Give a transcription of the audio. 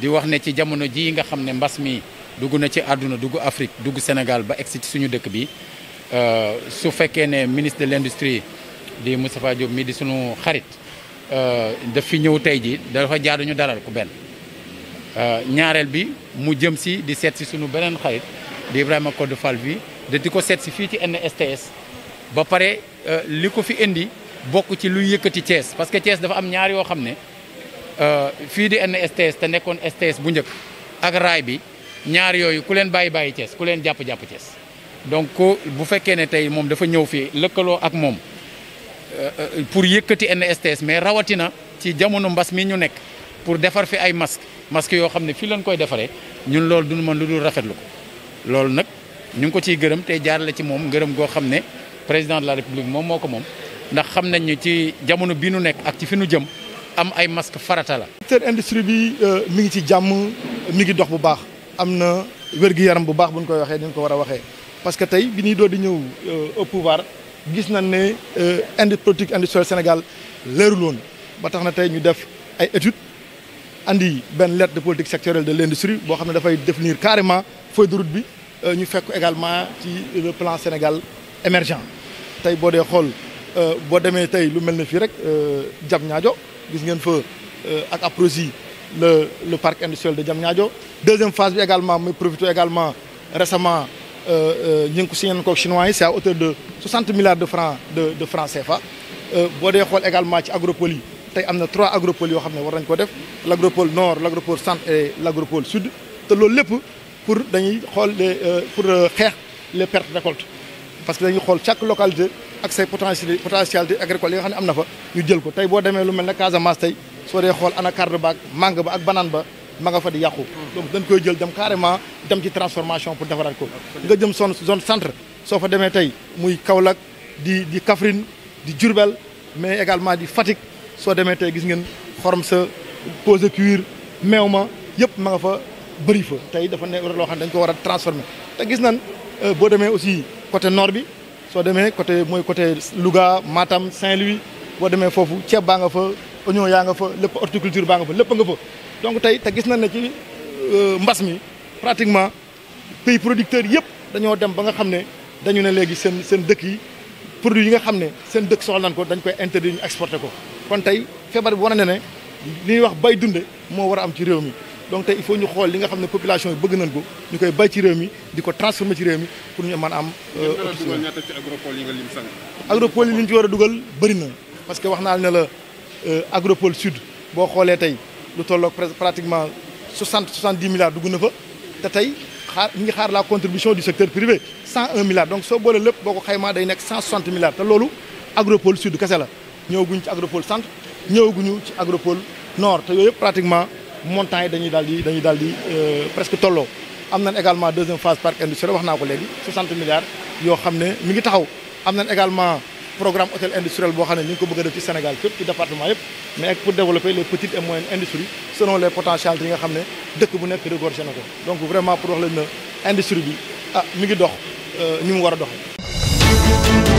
di wax ne ci jamono jii nga xam ne mbas mi dugg na ci àdduna dugg Afrique dugg Sénégal ba egsi suñu dëkk bi euh, su fekkee ne ministre de l'industrie di Moustapha Diop mi di suñu xarit euh, daf fi ñëw tey ji dafa jaadu ñu dalal ku benn euh, ñaareel bi mu jëm si di seet si suñu beneen xarit di Ibrahima de Fall bi da di ko seet si fii ci NSTS ba pare li ko fi indi bokk ci luy yëkkati Thiès parce que Thiès dafa am ñaar yoo xam ne Euh, fii di NSTS te nekkoon STS bu njëkk ak raay bi ñaar yooyu ku leen bàyyi bàyyi Thiès ku leen jàpp jàpp Thiès donc bu fekkee ne tey moom dafa ñëw fii lëkkaloo ak moom euh, euh, pour yëkkati NSTS mais rawatina ci jamono mbas mi ñu nekk pour defar fi ay masque masque yoo xam ne fii lañ koy defaree ñun loolu duñu mën lu dul rafetlu ko loolu nag ñu ngi ko ciy gërëm tey jaarale ci moom gërëm goo xam ne président de la république moom moo ko moom ndax xam nañ ñu ci jamono bi nu nekk ak ci fi jëm am ay masque farata la. secteur industrie bi euh, mi ngi ci jamm mi ngi dox bu baax amna na gu yaram bu baax buñ koy waxee ko wara waxé parce que tay bi ni do di ñew euh, au pouvoir gis nañ ne euh, indi politique industrielle Sénégal leur woon ba tax na tay ñu def ay études andi ben lettre de politique sectorielle de l'industrie, bo boo da fay définir carrément feuille de route bi ñu fekk également ci le plan Sénégal émergent tay bo dé xol bo démé tay lu melni fi rek euh jam ñaajo gis ngeen fait euh, ak Aprosi le parc industriel de Diamniadio deuxième phase également également récemment d'un euh, euh, ngi ko signé c'est à hauteur de 60 milliards de francs de de francs CFA Nous avons également ci agropole yi a trois agropoles l'agropole nord l'agropole centre et l'agropole sud te loolu pour les pour faire les pertes récoltes parce que chaque localité ak say potentiel potentialité agricole yi nga xam ne am na fa ñu jël ko tey boo demee lu mel ne Casamance tey soo dee xool anacarde ba ak mangue ba ak banaan ba ma nga fa di yàqu hmm. donc dañ koy jël dem carrément dem ci transformation pour defaraat ko nga jëm son zone centre soo fa demee tey muy Kaolack di di Kaffrine di Diourbel mais également di Fatick soo demee tey gis ngeen xorom sa pose cuir meew ma yëpp ma nga fa bëri fa tey dafa ne loo xam ne dañ ko war a transformer te gis nan euh, boo demee aussi côté nord bi soo demee côté mooy côté Louga Matam Saint-Louis boo demee foofu ceeb baa nga fa oignon yaa nga fa lépp horticulture baa nga fa lépp nga fa donc tey te gis nañ ne ci euh, mbas mi pratiquement pays producteurs yëpp dañoo dem ba nga xam ne dañu ne léegi seen seen dëkk yi produit yi nga xam ne seen dëkk soxla nañ ko dañ koy interdire ñu exporté ko kon tey feebar bi wane na ne luy wax bay dunde moo war a am ci réew mi donc il faut ñu xol li nga xamné population yi bëgg nañ ko ñukay bay ci réew mi transformer ci réew mi pour ñu mën a am. Euh, agropole yi li ñu wara duggal bari na parce que wax naa ne la euh, agropole sud bo xolé tay lu tolloog pratiquement 60 70 milliards dugg na fa te tay xaar ngi xaar la contribution du secteur privé 101 milliards donc so boole lepp boko ko day nek 160 milliards te lolu agropole sud kese la ñëwaguñ ci agropole centre ñewuñu ci agropole nord te yoyep pratiquement montagne dañuy daldi dañuy euh, presque tout am également deuxième phase parc industriel wax 60 milliards yo xamné également mi également programme hôtel industriel bo xamné ne Sénégal fépp ci département mais pour développer les petites et moyennes industries selon les potentiels yi nga de dëkk bu donc vraiment pour wax leen na industrie bi ah mi euh,